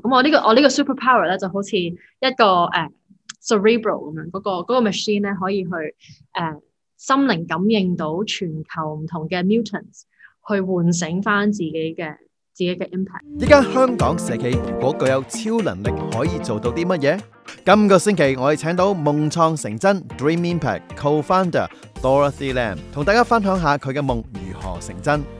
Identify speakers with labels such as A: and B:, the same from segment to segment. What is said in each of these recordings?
A: 咁我呢個我呢個 superpower 咧就好似一個誒、uh, cerebral 咁樣，嗰個嗰個 machine 咧可以去誒、uh, 心靈感應到全球唔同嘅 mutants，去喚醒翻自己嘅自己嘅 impact。
B: 依家香港社企如果具有超能力，可以做到啲乜嘢？今個星期我哋請到夢創成真 Dream Impact Co-founder Dorothy Lam，同大家分享下佢嘅夢如何成真。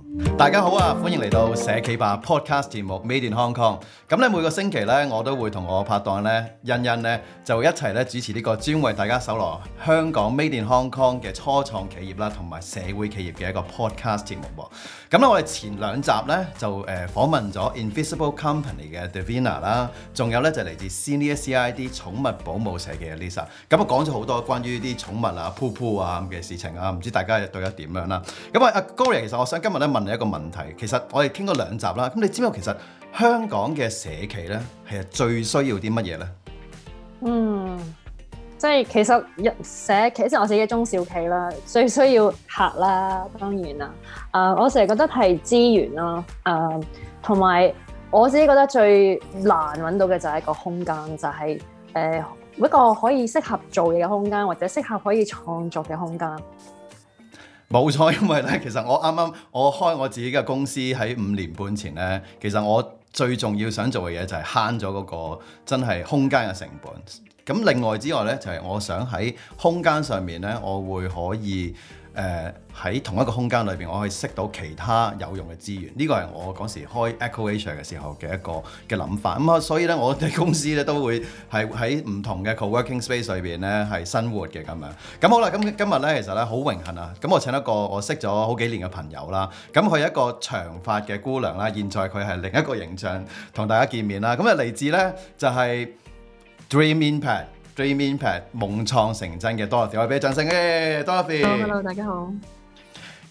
B: 大家好啊，歡迎嚟到社企吧 Podcast 節目 Made i n Hong Kong。咁咧每個星期咧，我都會同我拍檔咧欣欣咧，就一齊咧主持呢個專為大家搜羅香港 Made i n Hong Kong 嘅初創企業啦，同埋社會企業嘅一個 Podcast 節目。咁咧我哋前兩集咧就誒訪問咗 Invisible Company 嘅 d e v i n a 啦，仲有咧就嚟自 Senior CID 寵物保姆社嘅 Lisa。咁啊講咗好多關於啲寵物啊、poo poo 啊咁嘅事情啊，唔知大家對得點樣啦？咁啊阿 g o r i 其實我想今日咧問。另一個問題，其實我哋傾咗兩集啦，咁你知唔知其實香港嘅社企咧係最需要啲乜嘢咧？
A: 嗯，即係其實社企即係我自己嘅中小企啦，最需要客啦，當然啦。啊、呃，我成日覺得係資源啦，誒、呃，同埋我自己覺得最難揾到嘅就係一個空間，就係、是、誒、呃、一個可以適合做嘢嘅空間，或者適合可以創作嘅空間。
B: 冇錯，因為咧，其實我啱啱我開我自己嘅公司喺五年半前呢，其實我最重要想做嘅嘢就係慳咗嗰個真係空間嘅成本。咁另外之外呢，就係我想喺空間上面呢，我會可以。誒喺、呃、同一個空間裏邊，我可以識到其他有用嘅資源。呢、這個係我嗰時開 Echo Asia 嘅時候嘅一個嘅諗法。咁、嗯、啊，所以呢，我哋公司咧都會係喺唔同嘅 co-working space 裏邊呢，係生活嘅咁樣。咁好啦，咁今日呢，其實呢，好榮幸啊。咁我請一個我識咗好幾年嘅朋友啦。咁佢係一個長髮嘅姑娘啦。現在佢係另一個形象同大家見面啦。咁啊嚟自呢，就係 Dream Impact Dream Impact 夢創成真嘅 Dorothy，我俾啲掌聲先，Dorothy。Hello，大家好。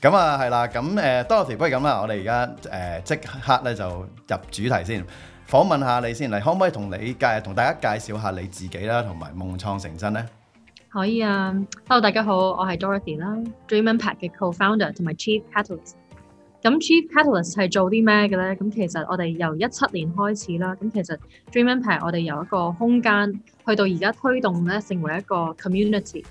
B: 咁啊，係啦，咁誒，Dorothy 不如咁啦，我哋而家誒即刻咧就入主題先，訪問下你先嚟，可唔可以同你介，同大家介紹下你自己啦，同埋夢創成真咧？
A: 可以啊，Hello，大家好，我係 Dorothy 啦，Dream Impact 嘅 Co-founder 同埋 Chief Catalyst。咁 Chief Catalyst 係做啲咩嘅咧？咁其實我哋由一七年開始啦，咁其實 Dream Impact 我哋由一個空間去到而家推動咧，成為一個 community，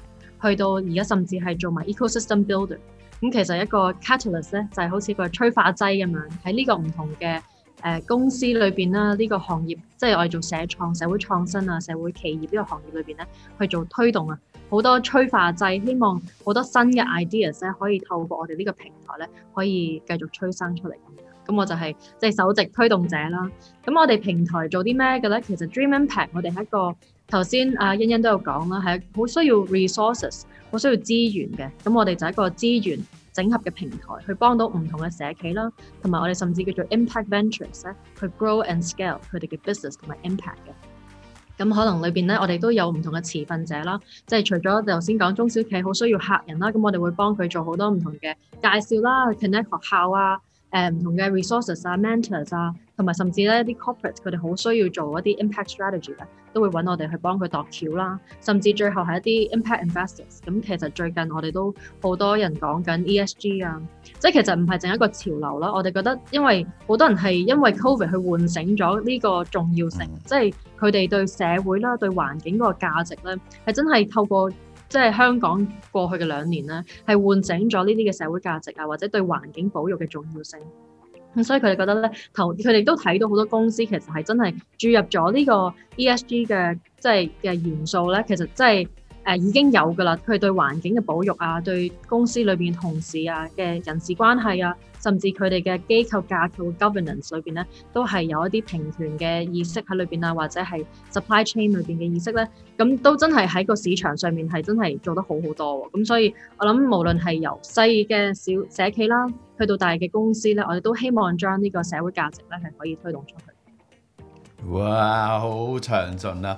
A: 去到而家甚至係做埋 ecosystem builder。咁其實一個 catalyst 咧，就係好似個催化劑咁樣，喺呢個唔同嘅。誒、呃、公司裏邊啦，呢、這個行業即係我哋做社創、社會創新啊、社會企業呢個行業裏邊咧，去做推動啊，好多催化劑，希望好多新嘅 ideas 咧，可以透過我哋呢個平台咧，可以繼續催生出嚟。咁、嗯、我就係即係首席推動者啦。咁我哋平台做啲咩嘅咧？其實 Dream Impact 我哋係一個頭先阿欣欣都有講啦，係好需要 resources，好需要資源嘅。咁我哋就係一個資源。整合嘅平台去幫到唔同嘅社企啦，同埋我哋甚至叫做 impact ventures 咧，去 grow and scale 佢哋嘅 business 同埋 impact 嘅。咁可能裏邊咧，我哋都有唔同嘅持份者啦，即係除咗頭先講中小企好需要客人啦，咁我哋會幫佢做好多唔同嘅介紹啦，去 connect 學校啊，誒、呃，唔同嘅 resources 啊，mentors 啊。同埋甚至咧一啲 corporate 佢哋好需要做一啲 impact strategy 咧，都會揾我哋去幫佢度橋啦。甚至最後係一啲 impact investors。咁其實最近我哋都好多人講緊 ESG 啊，即係其實唔係淨一個潮流啦。我哋覺得因為好多人係因為 covid 去喚醒咗呢個重要性，即係佢哋對社會啦、對環境嗰個價值咧，係真係透過即係香港過去嘅兩年咧，係喚醒咗呢啲嘅社會價值啊，或者對環境保育嘅重要性。咁所以佢哋覺得咧，投佢哋都睇到好多公司其實係真係注入咗呢個 ESG 嘅即係嘅元素咧，其實真係誒已經有㗎啦。佢哋對環境嘅保育啊，對公司裏邊同事啊嘅人事關係啊。甚至佢哋嘅機構架構 governance 裏邊咧，都係有一啲平權嘅意識喺裏邊啊，或者係 supply chain 裏邊嘅意識咧，咁都真係喺個市場上面係真係做得好好多喎。咁所以我諗無論係由細嘅小社企啦，去到大嘅公司咧，我哋都希望將呢個社會價值咧係可以推動出去
B: 嘅。哇，好詳盡啊！誒、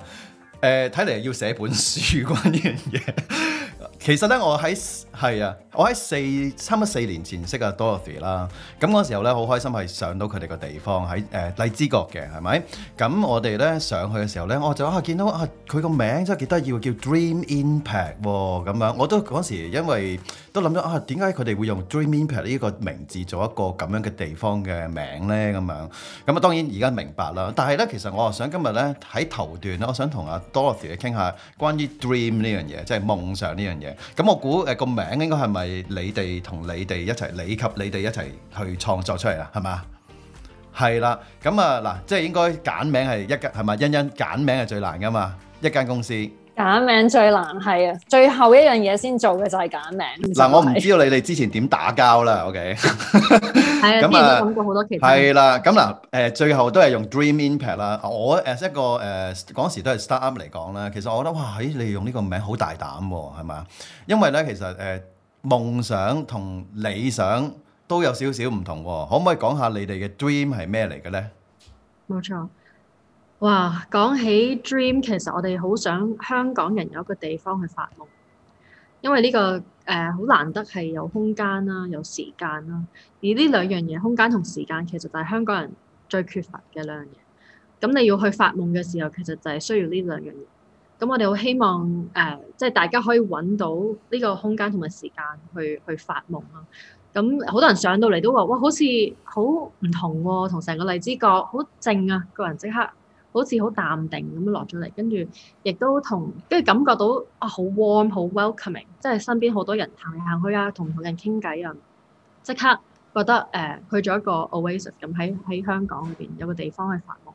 B: 呃，睇嚟要寫本書關於呢樣嘢。 其實咧，我喺係啊，我喺四差唔多四年前識啊 Dorothy 啦。咁嗰時候咧，好開心係上到佢哋個地方喺誒、呃、荔枝角嘅，係咪？咁我哋咧上去嘅時候咧，我就啊見到啊佢個名真係幾得意叫 Dream Impact 咁、哦、樣我都嗰時因為都諗咗啊，點解佢哋會用 Dream Impact 呢一個名字做一個咁樣嘅地方嘅名咧？咁樣咁啊，當然而家明白啦。但係咧，其實我又想今日咧喺頭段咧，我想同阿 Dorothy 傾下關於 Dream 呢樣嘢，即係夢想呢樣嘢。咁我估誒、呃、個名應該係咪你哋同你哋一齊你及你哋一齊去創作出嚟啊？係嘛？係啦，咁啊嗱，即係應該揀名係一間係咪？欣欣揀名係最難㗎嘛，一間公司。
A: 揀名最難係啊，最後一樣嘢先做嘅就係揀名。嗱、就是，我唔知
B: 道你哋之前點打交啦。OK，係 啊、 嗯，
A: 咁啊，諗過好多其他、嗯。係
B: 啦、嗯，咁嗱，誒、嗯，最後都係用 Dream Impact 啦。我 a、呃、一個誒，嗰、呃、時都係 startup 嚟講咧，其實我覺得哇，咦、哎，你用呢個名好大膽喎、啊，係嘛？因為咧，其實誒，夢、呃、想同理想都有少少唔同、啊。可唔可以講下你哋嘅 Dream 係咩嚟嘅咧？冇
A: 錯。哇！講起 dream，其實我哋好想香港人有一個地方去發夢，因為呢、這個誒好、呃、難得係有空間啦，有時間啦。而呢兩樣嘢，空間同時間其實就係香港人最缺乏嘅兩樣嘢。咁你要去發夢嘅時候，其實就係需要呢兩樣嘢。咁我哋好希望誒，即、呃、係、就是、大家可以揾到呢個空間同埋時間去去發夢啦。咁好多人上到嚟都話：哇，好似好唔同喎、啊，同成個荔枝角好靜啊，個人即刻～好似好淡定咁樣落咗嚟，跟住亦都同跟住感覺到啊好 warm，好 welcoming，即係身邊好多人行嚟行去啊，同同人傾偈啊，即刻覺得誒、呃、去咗一個 oasis 咁，喺喺香港裏邊有個地方去發夢。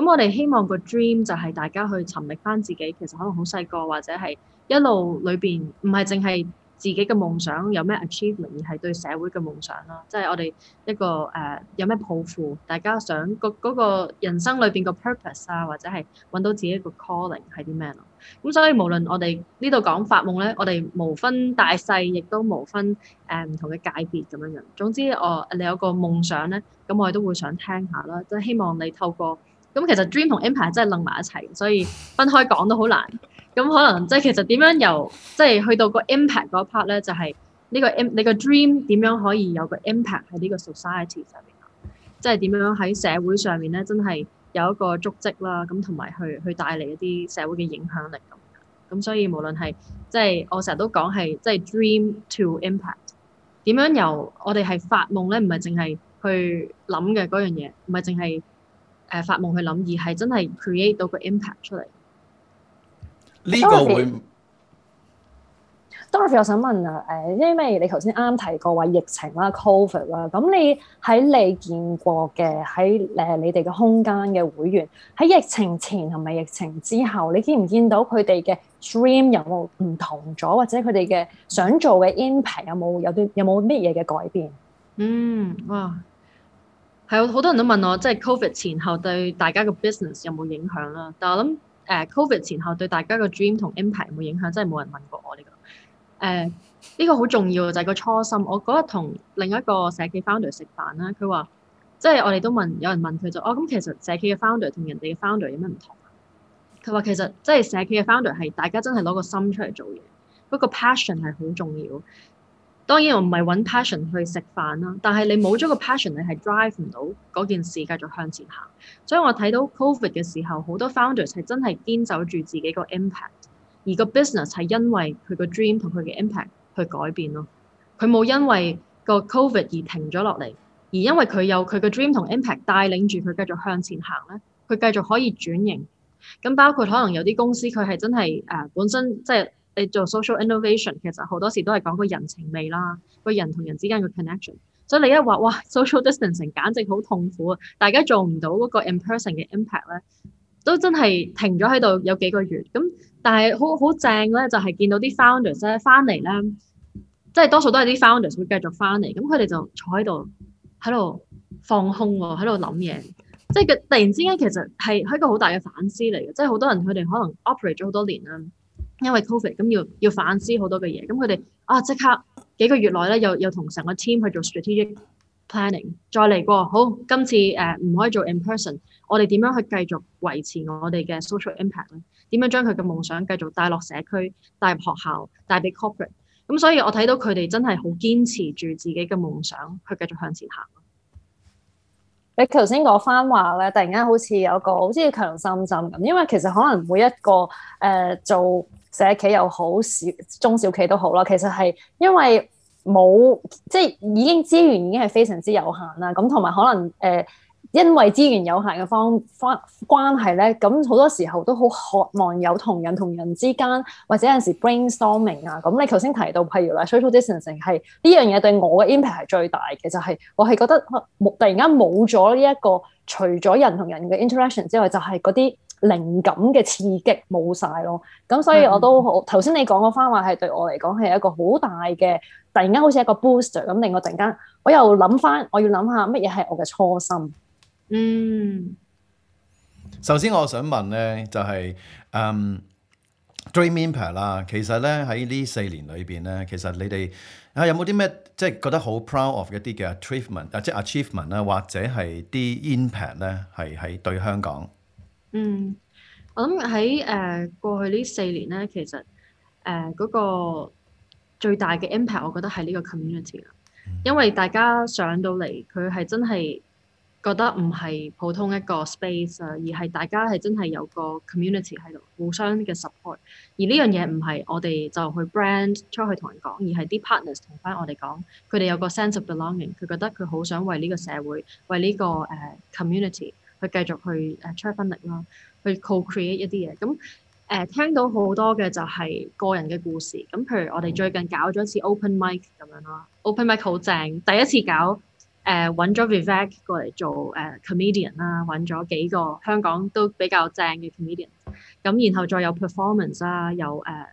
A: 咁我哋希望個 dream 就係大家去尋覓翻自己，其實可能好細個或者係一路裏邊唔係淨係。自己嘅夢想有咩 achievement，而係對社會嘅夢想咯，即係我哋一個誒、呃、有咩抱負，大家想嗰、那個人生裏邊個 purpose 啊，或者係揾到自己一個 calling 係啲咩咯？咁所以無論我哋呢度講發夢咧，我哋無分大細，亦都無分誒唔、呃、同嘅界別咁樣樣。總之我、呃、你有個夢想咧，咁我哋都會想聽下啦。都希望你透過咁其實 dream 同 aim 真係撚埋一齊，所以分開講都好難。咁可能即係其實點樣由即係去到個 impact 嗰 part 咧，就係呢個 m 你個 dream 點樣可以有個 impact 喺呢個 society 上面，即係點樣喺社會上面咧，真係有一個足跡啦，咁同埋去去帶嚟一啲社會嘅影響力咁啊！咁所以無論係即係我成日都講，係即係 dream to impact，點樣由我哋係發夢咧，唔係淨係去諗嘅嗰樣嘢，唔係淨係誒發夢去諗，而係真係 create 到個 impact 出嚟。呢個會，Dorothy，Dorothy，我想問啊，誒，因為你頭先啱提過話疫情啦，COVID 啦，咁你喺你見過嘅喺誒你哋嘅空間嘅會員喺疫情前同埋疫情之後，你見唔見到佢哋嘅 dream 有冇唔同咗，或者佢哋嘅想做嘅 impact 有冇有啲有冇乜嘢嘅改變？嗯，啊，係啊，好多人都問我，即係 COVID 前後對大家嘅 business 有冇影響啦，但係我諗。Uh, COVID 前後對大家個 dream 同 impact 有冇影響？真係冇人問過我呢、這個。誒，呢個好重要就係、是、個初心。我嗰日同另一個社企 founder 食飯啦，佢話即係我哋都問有人問佢就哦咁、嗯，其實社企嘅 founder 同人哋嘅 founder 有咩唔同啊？佢話其實即係社企嘅 founder 係大家真係攞個心出嚟做嘢，嗰、那個 passion 係好重要。當然我唔係揾 passion 去食飯啦，但係你冇咗個 passion，你係 drive 唔到嗰件事繼續向前行。所以我睇到 covid 嘅時候，好多 founders 係真係堅守住自己個 impact，而個 business 係因為佢個 dream 同佢嘅 impact 去改變咯。佢冇因為個 covid 而停咗落嚟，而因為佢有佢個 dream 同 impact 帶領住佢繼續向前行咧，佢繼續可以轉型。咁包括可能有啲公司佢係真係誒、呃、本身即係。你做 social innovation 其實好多時都係講個人情味啦，個人同人之間嘅 connection。所以你一話哇，social distancing 簡直好痛苦啊！大家做唔到嗰個 in person 嘅 impact 咧，都真係停咗喺度有幾個月。咁但係好好正咧，就係見到啲 founders 咧翻嚟咧，即係多數都係啲 founders 會繼續翻嚟。咁佢哋就坐喺度喺度放空喎，喺度諗嘢。即係佢突然之間，其實係喺一個好大嘅反思嚟嘅。即係好多人佢哋可能 operate 咗好多年啦。因為 Covid 咁要要反思好多嘅嘢，咁佢哋啊即刻幾個月內咧，又又同成個 team 去做 strategic planning，再嚟過好今次誒唔、呃、可以做 in person，我哋點樣去繼續維持我哋嘅 social impact 咧？點樣將佢嘅夢想繼續帶落社區、帶入學校、帶俾 corporate 咁、嗯、所以我睇到佢哋真係好堅持住自己嘅夢想，去繼續向前行。你頭先講翻話咧，突然間好似有個好似強心針咁，因為其實可能每一個誒、呃、做。社企又好，小中小企都好啦。其實係因為冇即係已經資源已經係非常之有限啦。咁同埋可能誒、呃，因為資源有限嘅方方關係咧，咁好多時候都好渴望有同人同人之間，或者有陣時 brainstorming 啊。咁你頭先提到，譬如啦，social distancing 係呢樣嘢對我嘅 impact 係最大嘅，就係、是、我係覺得冇突然間冇咗呢一個，除咗人同人嘅 interaction 之外，就係嗰啲。靈感嘅刺激冇晒咯，咁所以我都好。頭先你講嗰番話係對我嚟講係一個好大嘅，突然間好似一個 booster 咁，令我突然間我又諗翻，我要諗下乜嘢係我嘅初心。嗯，
B: 首先我想問咧，就係、是、嗯、um, Dream Impact 啦，其實咧喺呢四年裏邊咧，其實你哋啊有冇啲咩即係覺得好 proud of 一啲嘅 achievement 啊，即、就、係、是、achievement 啊，或者係啲 impact 咧，係喺對香港？
A: 嗯，我諗喺誒過去呢四年咧，其實誒嗰個最大嘅 impact，我覺得係呢個 community 啦。因為大家上到嚟，佢係真係覺得唔係普通一個 space 啊，而係大家係真係有個 community 喺度互相嘅 support。而呢樣嘢唔係我哋就去 brand 出去同人講，而係啲 partners 同翻我哋講，佢哋有個 sense of belonging，佢覺得佢好想為呢個社會、為呢個誒 community。去繼續去誒 try 新力啦，去 co-create 一啲嘢。咁誒、呃、聽到好多嘅就係個人嘅故事。咁譬如我哋最近搞咗一次 open mic 咁樣咯 ，open mic 好正。第一次搞誒揾咗 Vivek 過嚟做誒 comedian 啦，揾、呃、咗幾個香港都比較正嘅 comedian。咁然後再有 performance 啦、呃，有誒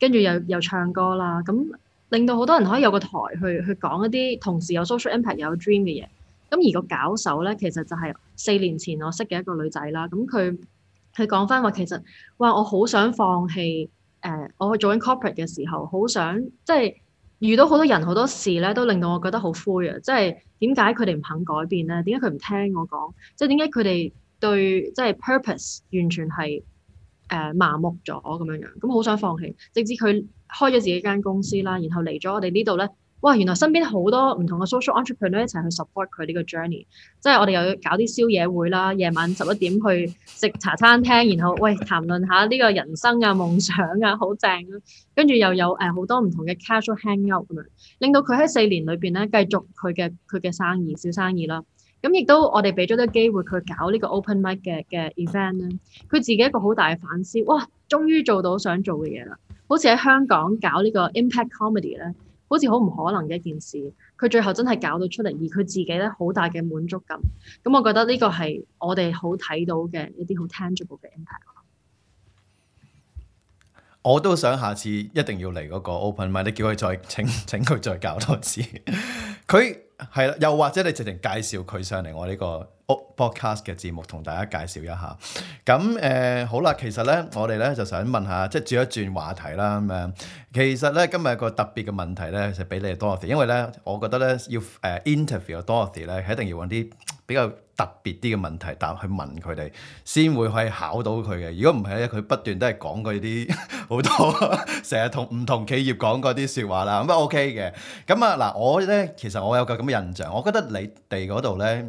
A: 跟住又又唱歌啦。咁令到好多人可以有個台去去講一啲同時有 social impact 又有 dream 嘅嘢。咁而個搞手咧，其實就係四年前我識嘅一個女仔啦。咁佢佢講翻話，說說其實哇，我好想放棄。誒、呃，我去做緊 corporate 嘅時候，好想即係遇到好多人、好多事咧，都令到我覺得好灰啊。即係點解佢哋唔肯改變咧？點解佢唔聽我講？即係點解佢哋對即係 purpose 完全係誒、呃、麻木咗咁樣樣？咁好想放棄，直至佢開咗自己間公司啦，然後嚟咗我哋呢度咧。哇！原來身邊好多唔同嘅 social entrepreneur 一齊去 support 佢呢個 journey，即係我哋又要搞啲宵夜會啦，夜晚十一點去食茶餐廳，然後喂，談論下呢個人生啊、夢想啊，好正啦、啊！跟住又有誒好、呃、多唔同嘅 casual hangout 咁樣，令到佢喺四年裏邊咧繼續佢嘅佢嘅生意、小生意啦。咁亦都我哋俾咗啲機會佢搞呢個 open mic 嘅嘅 event 啦。佢自己一個好大嘅反思，哇！終於做到想做嘅嘢啦，好似喺香港搞個呢個 impact comedy 咧。好似好唔可能嘅一件事，佢最後真係搞到出嚟，而佢自己咧好大嘅滿足感。咁、嗯、我覺得呢個係我哋好睇到嘅一啲好 tangible 嘅 impact。
B: 我都想下次一定要嚟嗰個 open，咪你叫佢再請請佢再搞多次。佢係啦，又或者你直情介紹佢上嚟我呢、這個、oh, podcast 嘅節目同大家介紹一下，咁誒、呃、好啦，其實咧我哋咧就想問下，即係轉一轉話題啦，咁誒、嗯，其實咧今日有個特別嘅問題咧，就俾你多阿 Sir，因為咧我覺得咧要誒 interview 阿多阿 Sir 咧，一定要揾啲比較特別啲嘅問題答去問佢哋，先會可以考到佢嘅。如果唔係咧，佢不斷都係講佢啲好多，成日同唔同企業講嗰啲説話啦，咁、嗯、都 OK 嘅。咁啊嗱，我咧其實我有個咁嘅印象，我覺得你哋嗰度咧。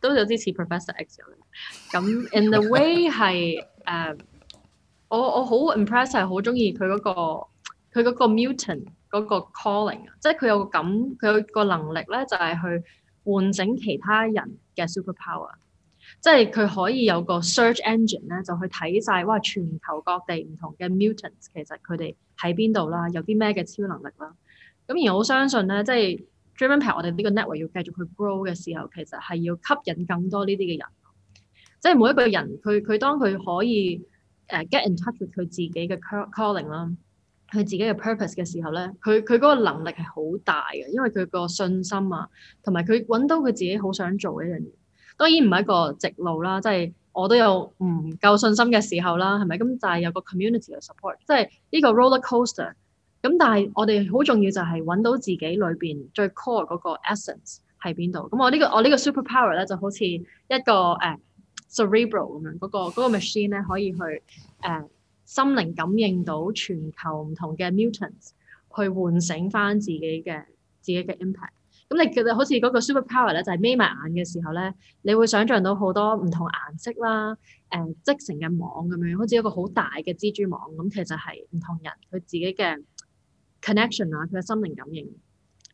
A: 都有啲似 Professor X 咁。In the way 係誒、uh,，我我好 impress 係好中意佢、那、嗰個佢嗰個 mutant 嗰個 calling 啊，即係佢有個感，佢有個能力咧就係、是、去喚醒其他人嘅 super power，即係佢可以有個 search engine 咧就去睇晒：「哇全球各地唔同嘅 mutants 其實佢哋喺邊度啦，有啲咩嘅超能力啦。咁而我相信咧，即係。最緊要係我哋呢個 network 要繼續去 grow 嘅時候，其實係要吸引更多呢啲嘅人。即係每一個人，佢佢當佢可以誒、uh, get in touch with 佢自己嘅 calling 啦，佢自己嘅 purpose 嘅時候咧，佢佢嗰個能力係好大嘅，因為佢個信心啊，同埋佢揾到佢自己好想做嘅一樣嘢。當然唔係一個直路啦，即係我都有唔夠信心嘅時候啦，係咪？咁就係有個 community 嘅 support，即係呢個 roller coaster。咁但係我哋好重要就係揾到自己裏邊最 core 嗰個 essence 喺邊度。咁我呢個我呢個 super power 咧就好似一個誒 cerebral 咁樣，嗰個、uh, 嗰個 machine 咧可以去誒、uh, 心靈感應到全球唔同嘅 mutants，去喚醒翻自己嘅自己嘅 impact。咁你其實好似嗰個 super power 咧就係眯埋眼嘅時候咧，你會想象到好多唔同顏色啦，誒、uh, 織成嘅網咁樣，好似一個好大嘅蜘蛛網咁。其實係唔同人佢自己嘅。Connection 啊，佢嘅心靈感應，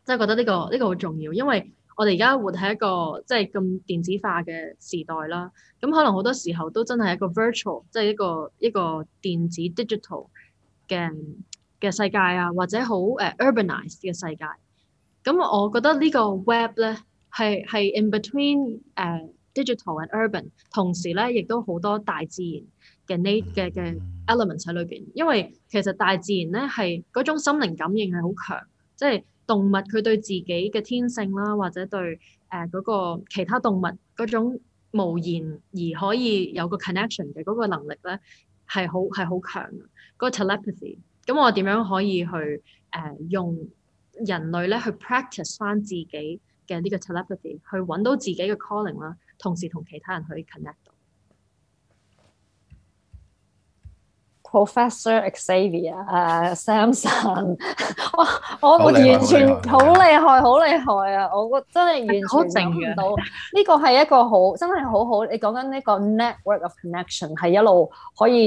A: 即係覺得呢個呢個好重要，因為我哋而家活喺一個即係咁電子化嘅時代啦，咁可能好多時候都真係一個 virtual，即係一個一個電子 digital 嘅嘅世界啊，或者好誒 urbanized 嘅世界，咁我覺得呢個 web 咧係係 in between 誒 digital and urban，同時咧亦都好多大自然。嘅嘅嘅 elements 喺裏邊，因為其實大自然咧係種心靈感應係好強，即係動物佢對自己嘅天性啦，或者對誒、呃那個其他動物種無言而可以有個 connection 嘅個能力咧係好係好強嘅嗰個 telepathy。咁、那個、te 我點樣可以去誒、呃、用人類咧去 practice 翻自己嘅呢個 telepathy，去揾到自己嘅 calling 啦，同時同其他人去 connect。Professor Xavier、uh, Sam 我、Samson，哇！我完全好厲害， 好厲害啊！我真係完全整唔到。呢個係一個好，真係好好。你講緊呢個 network of connection 係一路可以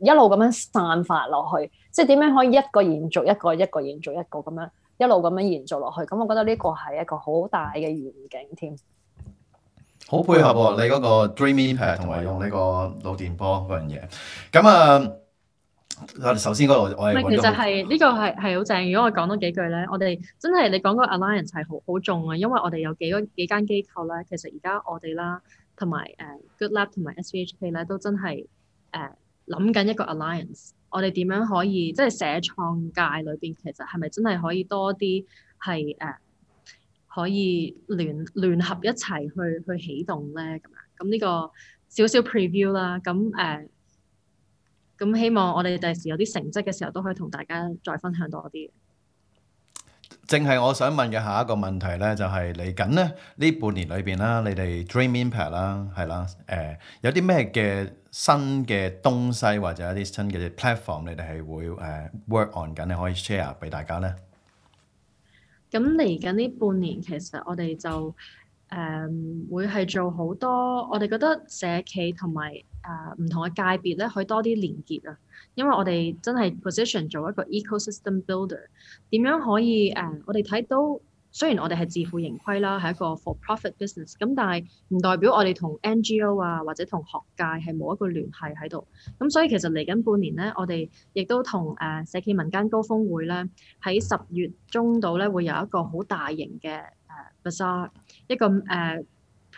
A: 一路咁樣散發落去，即係點樣可以一個延續一個，一個延續一個咁樣一路咁樣延續落去。咁我覺得呢個係一個好大嘅願景添。
B: 好配合、啊、 你嗰個 dreamy pad 同埋用呢個腦電波嗰樣嘢。咁啊～首先嗰我其實係
A: 呢個係係好正。如果我講多幾句咧，我哋真係你講個 alliance 係好好重啊，因為我哋有幾多幾間機構咧，其實而家我哋啦，同埋誒、uh, GoodLab 同埋 SVhk 咧，都真係誒諗緊一個 alliance。我哋點樣可以即係社創界裏邊，其實係咪真係可以多啲係誒可以聯聯合一齊去去起動咧？咁樣咁呢個少少 preview 啦。咁誒。Uh, 咁希望我哋第時有啲成績嘅時候，都可以同大家再分享多啲。
B: 正係我想問嘅下一個問題咧，就係嚟緊咧呢半年裏邊啦，你哋 Dream Impact 啦，係啦，誒、呃、有啲咩嘅新嘅東西或者一啲新嘅 platform，你哋係會誒 work on 緊，你可以 share 俾大家咧。
A: 咁嚟緊呢半年，其實我哋就誒、呃、會係做好多，我哋覺得社企同埋，誒、uh, 唔同嘅界別咧，可以多啲連結啊！因為我哋真係 position 做一個 ecosystem builder，點樣可以誒，Uh, 我哋睇到雖然我哋係自負盈虧啦，係一個 for profit business，咁但係唔代表我哋同 NGO 啊或者同學界係冇一個聯繫喺度。咁所以其實嚟緊半年咧，我哋亦都同誒、uh, 社企民間高峰會咧，喺十月中度咧會有一個好大型嘅誒、uh, bazaar，一個誒、uh,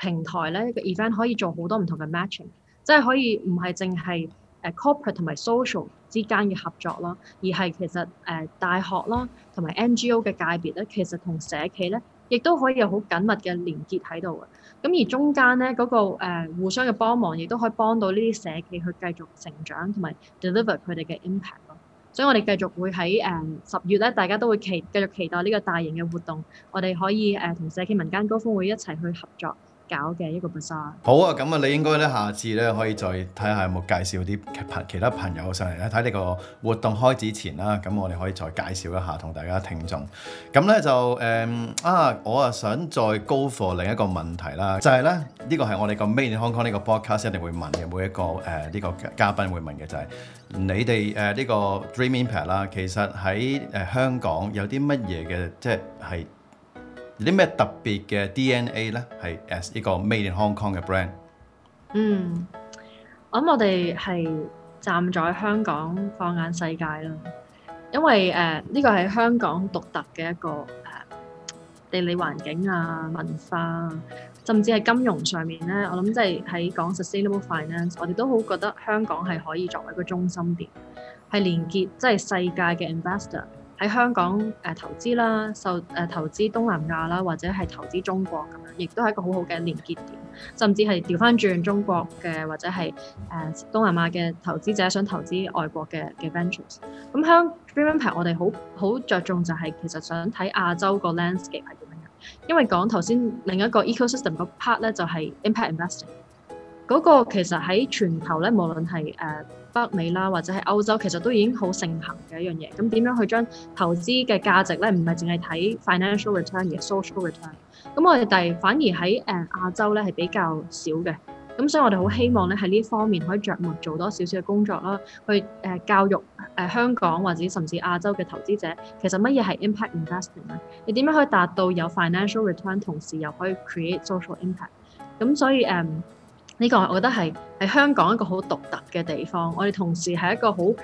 A: 平台咧，一個 event 可以做好多唔同嘅 matching。即係可以唔係淨係誒 corporate 同埋 social 之間嘅合作咯，而係其實誒大學啦同埋 NGO 嘅界別咧，其實同社企咧亦都可以有好緊密嘅連結喺度嘅。咁而中間咧嗰、那個、呃、互相嘅幫忙，亦都可以幫到呢啲社企去繼續成長同埋 deliver 佢哋嘅 impact 咯。所以我哋繼續會喺誒十月咧，大家都會期繼續期待呢個大型嘅活動，我哋可以誒同、呃、社企民間高峰會一齊去合作。
B: 搞嘅一、這個 b e 好啊，咁啊，你應該咧下次咧可以再睇下有冇介紹啲朋其他朋友上嚟啊，睇呢個活動開始前啦，咁我哋可以再介紹一下同大家聽眾。咁咧就誒、嗯、啊，我啊想再高課另一個問題啦，就係、是、咧呢、這個係我哋個 Made in Hong Kong 呢個 podcast 一定會問嘅，每一個誒呢、呃這個嘉賓會問嘅就係、是、你哋誒呢個 Dream Impact 啦，其實喺誒香港有啲乜嘢嘅即係。有啲咩特別嘅 DNA 咧，係 as 一個 made in Hong Kong 嘅 brand。
A: 嗯，我諗我哋係站在香港放眼世界啦，因為誒呢、呃這個係香港獨特嘅一個誒、呃、地理環境啊、文化，甚至係金融上面咧，我諗即係喺講 sustainable finance，我哋都好覺得香港係可以作為一個中心點，係連結即係、就是、世界嘅 investor。喺香港誒投資啦，受誒投資東南亞啦，或者係投資中國咁樣，亦都係一個好好嘅連結點。甚至係調翻轉中國嘅或者係誒東南亞嘅投資者想投資外國嘅嘅 ventures。咁香港我哋好好着重就係其實想睇亞洲個 landscape 係點樣，因為講頭先另一個 ecosystem 個 part 咧就係 impact investing。嗰個其實喺全球咧，無論係誒。Uh, 北美啦，或者係歐洲，其實都已經好盛行嘅一樣嘢。咁點樣去將投資嘅價值咧，唔係淨係睇 financial return 而 social return。咁我哋第反而喺誒亞洲咧係比較少嘅。咁所以我哋好希望咧喺呢方面可以着墨做多少少嘅工作啦，去誒、呃、教育誒、呃、香港或者甚至亞洲嘅投資者，其實乜嘢係 impact investing 啊？你點樣可以達到有 financial return 同時又可以 create social impact？咁所以誒。呃呢個我覺得係係香港一個好獨特嘅地方，我哋同時係一個好誒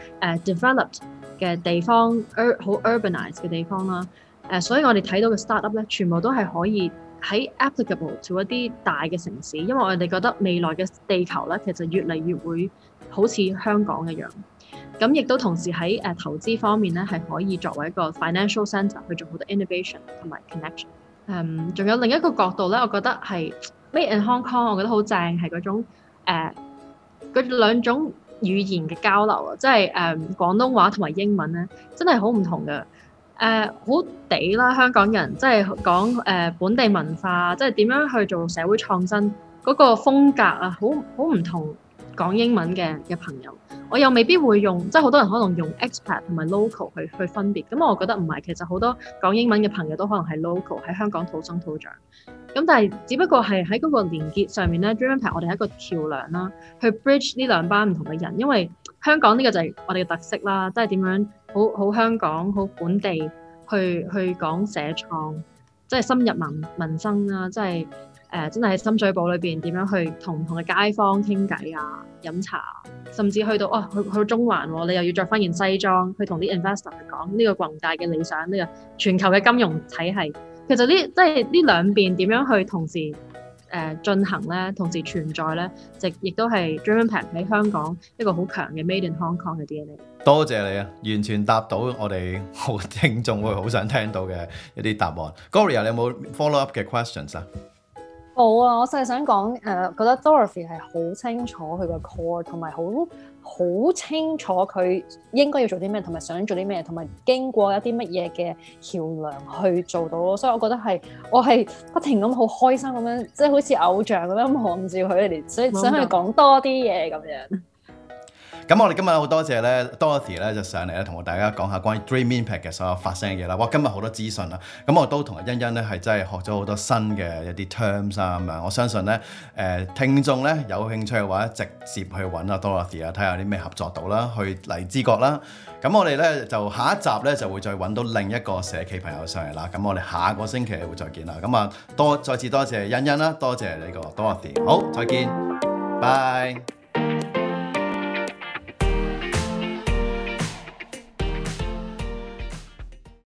A: developed 嘅地方，好 urbanized 嘅地方啦。誒，所以我哋睇到嘅 startup 咧，全部都係可以喺 applicable to 一啲大嘅城市，因為我哋覺得未來嘅地球咧，其實越嚟越會好似香港一樣。咁亦都同時喺誒投資方面咧，係可以作為一個 financial center 去做好多 innovation 同埋 connection。嗯，仲有另一個角度咧，我覺得係。Made in Hong Kong，我覺得好正，係嗰種誒，佢、呃、兩種語言嘅交流啊，即係誒、呃、廣東話同埋英文咧，真係、呃、好唔同嘅。誒好地啦，香港人即係講誒本地文化，即係點樣去做社會創新嗰、嗰個風格啊，好好唔同。講英文嘅嘅朋友，我又未必會用，即係好多人可能用 expat 同埋 local 去去分別。咁我覺得唔係，其實好多講英文嘅朋友都可能係 local 喺香港土生土長。咁但係只不過係喺嗰個連結上面咧，Dreampad 我哋係一個橋梁啦，去 bridge 呢兩班唔同嘅人，因為香港呢個就係我哋嘅特色啦，即係點樣好好香港好本地去去講社創。即係深入民民生啦，啊，即係誒、呃，真係喺深水埗裏邊點樣去同唔同嘅街坊傾偈啊，飲茶，啊，甚至去到哦，去去到中環，啊，你又要着翻件西裝去同啲 investor 去講呢個宏大嘅理想，呢、呢個全球嘅金融體系，其實呢即係呢兩邊點樣去同時誒、呃、進行咧，同時存在咧，亦亦都係 Dream and Pan 喺香港一個好強嘅 Made in Hong Kong 嘅 DNA。
B: 多謝你啊，完全答到我哋好聽眾會好想聽到嘅一啲答案。Gloria，你有冇 follow up 嘅 questions 啊？
A: 冇啊，我就係想講誒、呃，覺得 Dorothy 係好清楚佢個 core 同埋好。好清楚佢應該要做啲咩，同埋想做啲咩，同埋經過一啲乜嘢嘅橋梁去做到咯。所以我覺得係，我係不停咁好開心咁樣，即係好似偶像咁樣望住佢哋，所以想想佢講多啲嘢咁樣。嗯嗯
B: 咁我哋今日好多謝咧，Dorothy 咧就上嚟咧同我大家講下關於 Dream Impact 嘅所有發生嘅嘢啦。哇，今日好多資訊啊！咁我都同阿欣欣咧係真係學咗好多新嘅一啲 terms 啊。我相信咧，誒、呃、聽眾咧有興趣嘅話，直接去揾阿 Dorothy 啊，睇下啲咩合作到啦，去荔枝角啦。咁我哋咧就下一集咧就會再揾到另一個社企朋友上嚟啦。咁我哋下個星期會再見啦。咁啊，多再次多謝欣欣啦，多謝你個 Dorothy。好，再見，拜。